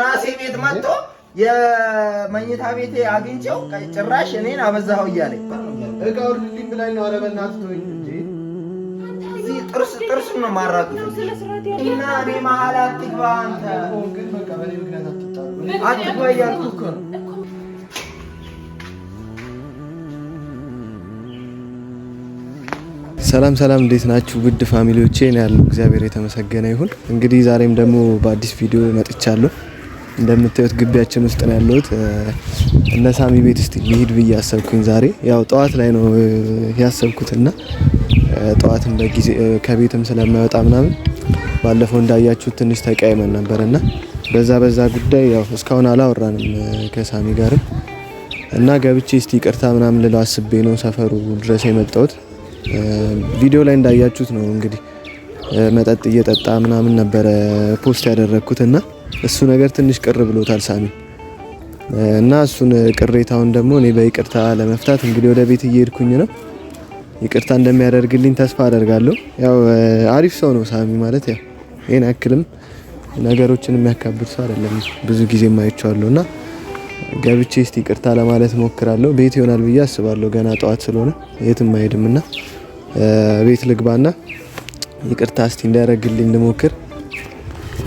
ራሴ ቤት መጥቶ የመኝታ ቤቴ አግኝቼው ጭራሽ እኔን አበዛኸው እያለኝ እቃውን ልልኝ ላይ ነው። ኧረ በእናትህ እንጂ እዚህ ጥርስ ጥርስ ነው ማራግፍ እና እኔ መሀል አትግባ አንተ ግን በቃ ምክንያት አትግባ እያልኩህ እኮ ነው። ሰላም ሰላም፣ እንዴት ናችሁ ውድ ፋሚሊዎቼ? ነው ያለው እግዚአብሔር የተመሰገነ ይሁን። እንግዲህ ዛሬም ደግሞ በአዲስ ቪዲዮ መጥቻለሁ። እንደምታዩት ግቢያችን ውስጥ ነው ያለሁት። እነ ሳሚ ቤት እስቲ ሊሄድ ብዬ ያሰብኩኝ ዛሬ ያው ጠዋት ላይ ነው ያሰብኩትና ጠዋትም በጊዜ ከቤትም ስለማይወጣ ምናምን ባለፈው እንዳያችሁት ትንሽ ተቀያይመን ነበር እና በዛ በዛ ጉዳይ ያው እስካሁን አላወራንም ከሳሚ ጋርም እና ገብቼ እስቲ ቅርታ ምናምን ልለው አስቤ ነው ሰፈሩ ድረስ የመጣሁት። ቪዲዮ ላይ እንዳያችሁት ነው እንግዲህ መጠጥ እየጠጣ ምናምን ነበረ ፖስት ያደረግኩት እና እሱ ነገር ትንሽ ቅር ብሎታል ሳሚ እና እሱን ቅሬታውን ደግሞ እኔ በይቅርታ ለመፍታት እንግዲህ ወደ ቤት እየሄድኩኝ ነው። ይቅርታ እንደሚያደርግልኝ ተስፋ አደርጋለሁ። ያው አሪፍ ሰው ነው ሳሚ ማለት ያው ይሄን ያክልም ነገሮችን የሚያካብድ ሰው አይደለም። ብዙ ጊዜ ማይቸዋለሁ እና ገብቼ እስቲ ይቅርታ ለማለት ሞክራለሁ። ቤት ይሆናል ብዬ አስባለሁ። ገና ጠዋት ስለሆነ የትም አይሄድም ቤት ልግባና ይቅርታ እስቲ እንዲያደርግልኝ ልሞክር።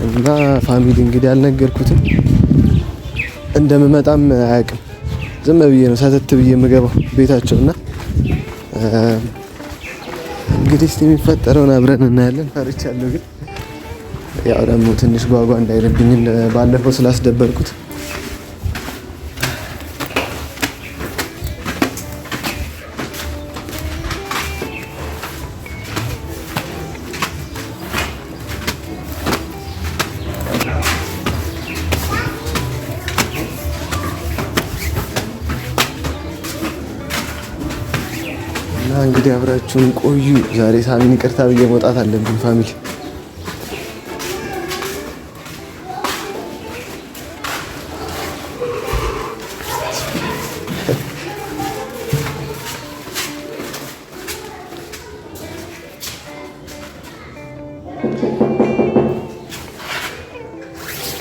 እና ፋሚሊ እንግዲህ አልነገርኩትም። እንደምመጣም አያውቅም። ዝም ብዬ ነው ሰተት ብዬ የምገባው ቤታቸው እና እንግዲህ እስቲ የሚፈጠረውን አብረን እናያለን። ፈርቻለሁ፣ ግን ያው ደግሞ ትንሽ ጓጓ እንዳይልብኝ ባለፈው ስላስደበርኩት እና እንግዲህ አብራችሁን ቆዩ። ዛሬ ሳሚን ይቅርታ ብዬ መውጣት አለብን ፋሚሊ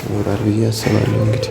ይኖራል ብዬ አስባለሁ እንግዲህ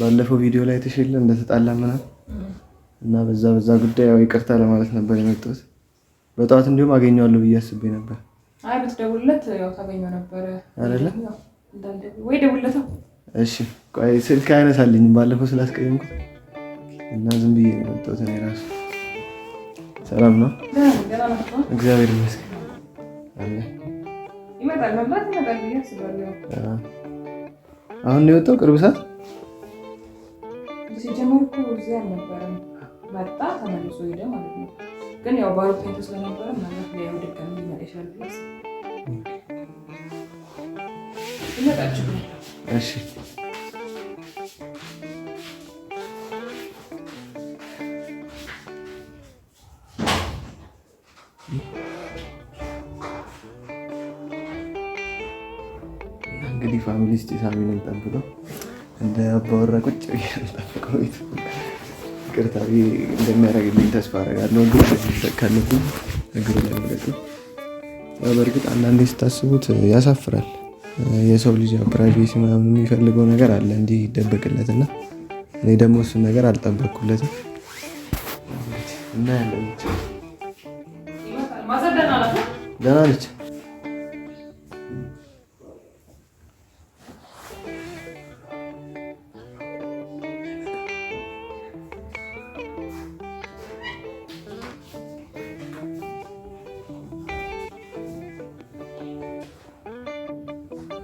ባለፈው ቪዲዮ ላይ አይተሽ እንደተጣላ ምናምን እና በዛ በዛ ጉዳይ ያው ይቅርታ ለማለት ነበር የመጣሁት። በጠዋት እንዲሁም አገኘዋለሁ ብዬ አስቤ ነበር። አይ ብትደውልለት ያው ታገኘው ነበር አይደለ? ወይ ደውልለት። እሺ ቆይ ስልክ አይነሳልኝም ባለፈው ስላስቀየምኩት እና ዝም ብዬ ነው የመጣሁት እኔ እራሱ። ሰላም ነው? እግዚአብሔር ይመስገን አለ። ይመጣል መብራት ይመጣል ብዬ አስባለሁ። አሁን ነው የወጣው ቅርብ ሰዓት ሲጀመር እኮ እዚህ አልነበረም። መጣ ተመልሶ ሄደ ማለት ነው። ግን ያው በአውሮፕላን ስለነበረ ማለት ሊያዩ ደጋሚ ሊመጣ ይችላል። እሺ እንግዲህ ፋሚሊ እስኪ ሳሚንን ጠብቀው እንደ ቁጭ ቁጭ ጠብቀት ቅርታ እንደሚያደርግልኝ ተስፋ አደርጋለሁ። ካለብኝ እግሩ ላይ ለመግለጽ በእርግጥ አንዳንዴ ስታስቡት ያሳፍራል። የሰው ልጅ ፕራይቬሲ ምናምን የሚፈልገው ነገር አለ እንዲህ ይደበቅለት እና እኔ ደግሞ እሱን ነገር አልጠበቅኩለትም እና ያለ ደህና ነች።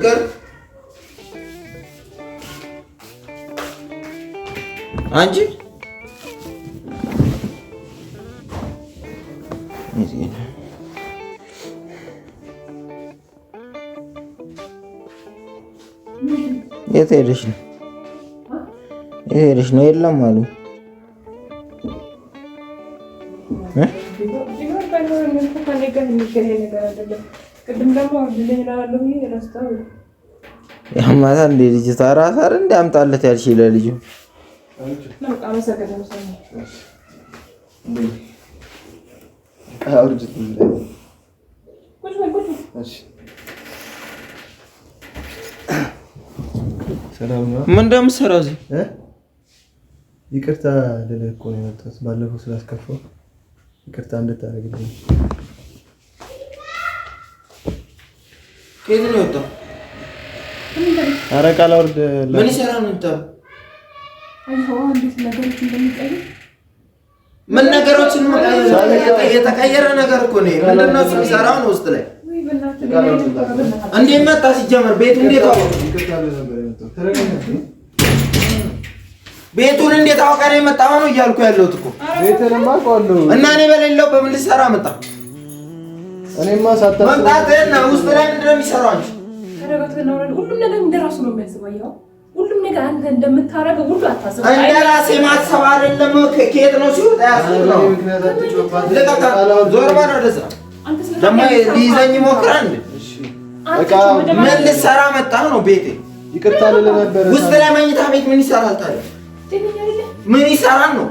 ነገር አንቺ የት ሄደሽ ነው? የት ሄደሽ ነው? የለም አሉ ያማታ እንደ ልጅቷ እራሷ አይደል እንደ አምጣለት ያልሽ ለልጁ ምን እንደምትሰራው እዚህ? ይቅርታ ልልህ እኮ ነው የመጣሁት። ባለፈው ስላስከፋው ይቅርታ እንድታደርግልኝ ከየት ነው የወጣው? ኧረ ቃል አውርድ። ምን ይሰራ ነው የወጣው? ምን ነገሮችን የተቀየረ ነገር እኮ ነው። ምንድን ነው እሱ የሚሰራው ነው ውስጥ ላይ እንዴት መጣ? ሲጀመር ቤቱ እንዴት ቤቱን እንዴት አውቀህ ነው የመጣው ነው እያልኩ ያለሁት እኮ እና እኔ በሌለው በምን ልትሰራ መጣ? እኔማ ሳታስብ እና ውስጥ ላይ ምንድን ነው የሚሰራው? አንቺ ተረጋግተህ እናወራለን። ሁሉም ነገር እንደራሱ ነው የሚያስበው። ያው ሁሉም ነገር አንተ እንደምታረገው ሁሉ አታስብ። እንደራሴ ማሰብ አይደለም። ከየት ነው ሲወጣ ያስብ ነው። ዞር በል ወደ ስራ። ደግሞ ሊይዘኝ ይሞክራል። ምን ልትሰራ መጣ ነው ቤቴ? ይቅርታ ልልህ ነበር። ውስጥ ላይ መኝታ ቤት ምን ይሰራል ታዲያ? ምን ይሰራል ነው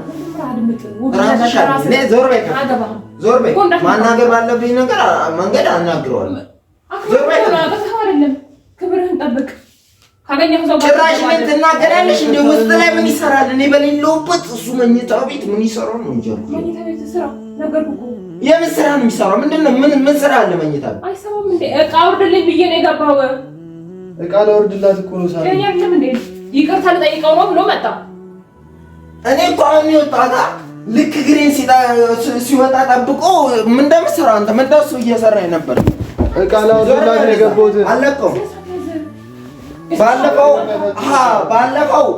ዞር በይ ዞር በይ። ማናገር ባለብኝ ነገር መንገድ አናግረዋለሁ። ዞር በይ። ክብርህን ጠብቅ። ጭራሽ ምን ትናገራለሽ? እንደ ውስጥ ላይ ምን ይሰራል? እኔ በሌለውበት እሱ መኝታ ቤት ምን ይሰራው ነው እንጂ የምን ስራ ነው የሚሰራው? ምንድን ነው? ምን ምን ስራ አለ መኝታ ቤት? አይሰማም እንዴ? እቃ አውርድልኝ ብዬ ነው የገባው። እቃ ላውርድላት እኮ ነው። ሳለ ይቅርታ ልጠይቀው ነው ብሎ መጣ። እኔ እኮ አሁን ይወጣታ ልክ ግሬን ሲወጣ ጠብቆ ምን እንደምትሰራው አንተ ምን እንደሱ እየሰራ ነበር። ባለፈው ባለፈው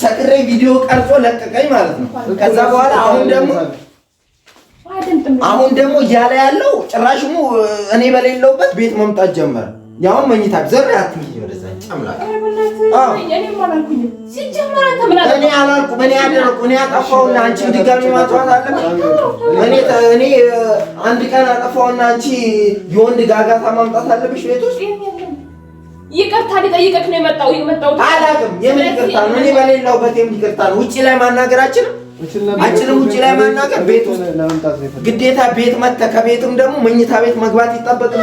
ሰክሬ ቪዲዮ ቀርጾ ለቀቀኝ ማለት ነው። ከዛ በኋላ አሁን ደግሞ አሁን ደግሞ እያለ ያለው ጭራሽሙ እኔ በሌለውበት ቤት መምጣት ጀመረ። ያው መኝታ ዘር አትይ ወደዛ እኔ አላልኩም። እኔ አደረኩ። እኔ አጠፋሁና አንቺ ድጋሚ ማጥፋት እኔ አንድ ቀን አጠፋውና አንቺ የወንድ ጋጋታ ማምጣት አለብሽ ቤት ውስጥ? ይቅርታ ሊጠይቅህ ነው የመጣው የመጣሁት። አላውቅም። የምን ይቅርታ ነው? እኔ በሌለሁበት የምን ይቅርታ ነው? ውጭ ላይ ማናገር አችልም አችልም። ውጭ ላይ ማናገር ቤት ውስጥ ግዴታ ቤት መተህ ከቤትም ደግሞ መኝታ ቤት መግባት ይጠበቅብህ።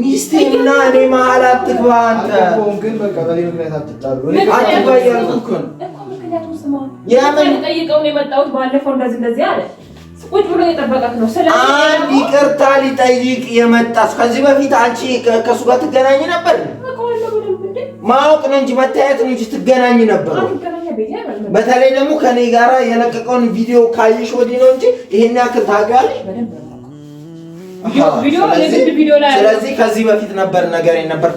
ሚስቴና እኔ መሀል አትግባ። አንተ ግን በቃ በዚህ ምክንያት አትጣሉ፣ አትግባ እያልኩ እኮ ነው። ጠይቀው ነው የመጣሁት። ባለፈው እንደዚህ እንደዚህ አለ። ቁጭ ብሎ የጠበቀት ነው። አንድ ይቅርታ ሊጠይቅ ከዚህ በፊት አንቺ ከእሱ ጋር ትገናኝ ነበር። ማወቅ ነው እንጂ መታየት ነው እንጂ ትገናኝ ነበር። በተለይ ደግሞ ከኔ ጋራ የለቀቀውን ቪዲዮ ካየሽ ወዲህ ነው እንጂ ይሄን ያክል ታውቂዋለሽ ስለዚህ ከዚህ በፊት ነበር ነገር ነበር።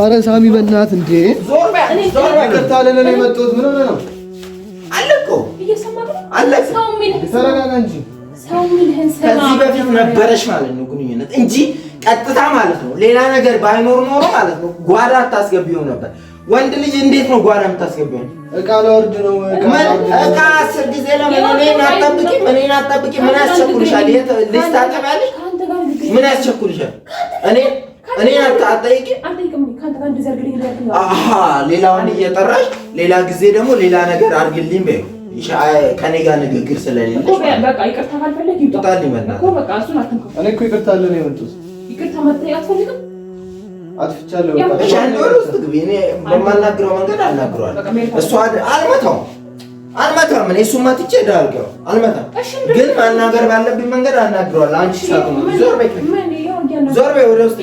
አረ ሳሚ በእናትህ እንዴ! ዞር በል ዞር በል። ቅርታ ምን ሆነህ ነው? አለ እኮ ከዚህ በፊት ነበረሽ ማለት ነው ግንኙነት እንጂ ቀጥታ ማለት ነው ሌላ ነገር ባይኖር ኖሮ ማለት ነው ጓዳ አታስገቢውም ነበር ወንድ ልጅ እንዴት ነው ጓዳ የምታስገባኝ? እቃ ለወርድ ነው እቃ አስር ጊዜ ለምን እኔን አጠብቂም እኔን አጠብቂም? ምን ያስቸኩልሻል? ልጅ ታጠቢያለሽ? ምን ያስቸኩልሻል? እኔ እኔን አጠይቂም። አሀ ሌላውን እየጠራሽ ሌላ ጊዜ ደግሞ ሌላ ነገር አድርግልኝ በይው። ከኔ ጋር ንግግር ስለሌለ በቃ ይቅርታ ካልፈለግ ይውጣል። ይመጣል እኔ እኮ ይቅርታ አለ ነው ይቅርታ መጠየቅ አትፈልግም አጥፍቻለሁ። እሺ ውስጥ ግቢ። እኔ በማናግረው መንገድ አናግረዋለሁ። እሱ አልመታው አልመታም። እኔ አልመታም፣ ግን ማናገር ባለብኝ መንገድ አናግረዋለሁ። አንቺ ዞር በይ፣ ዞር በይ ወደ ውስጥ።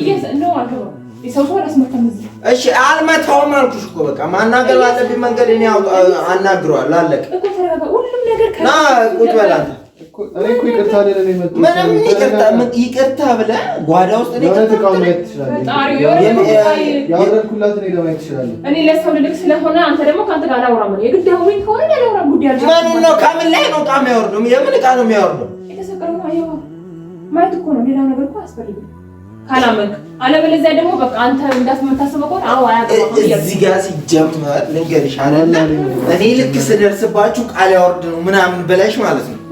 እሺ አልመታውም አልኩሽ እኮ በቃ ማናገር ባለብኝ መንገድ እኔ አለቀ። ቁጭ በል አንተ ምንም ይቅርታ ብለህ ጓዳ ውስጥ እኔ ስለሆነ አንተ ደግሞ ከአንተ ጋር ነው? ከምን ላይ ነው ዕቃ የሚያወርደው? የምን ዕቃ ነው የሚያወርደው? የተሰቀለውን ማለት እኮ ነው። ሌላ ነገር አያስፈልግም ካላመንክ። አለበለዚያ ደግሞ በቃ አንተ እንዳትመታሰበው እኔ ልክ ስደርስባችሁ ቃል ያወርድ ነው ምናምን ብለሽ ማለት ነው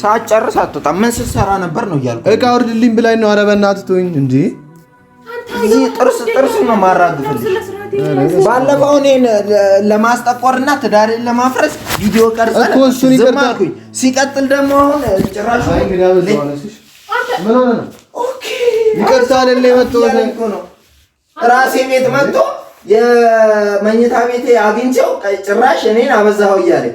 ሳትጨርስ አትወጣም። ምን ስትሰራ ነበር ነው እያልኩ እቃ አውርድልኝ ብላኝ ነው። ኧረ በእናትህ ተወኝ። እንደ እዚህ ጥርስ ጥርስ ነው ማራግፍልኝ። ባለፈው እኔን ለማስጠቆርና ትዳሬን ለማፍረስ ቪዲዮ ቀርጸን ዝም አልኩኝ። ሲቀጥል ደግሞ አሁን ጭራሽ ይቅርታ አይደለ የመጣሁት እራሴ ቤት መጥቶ የመኝታ ቤቴ አግኝቼው ጭራሽ እኔን አበዛኸው እያለኝ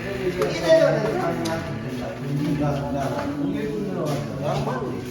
이래야 된다. 우리가 나 공예군으로 왔다. 양반이.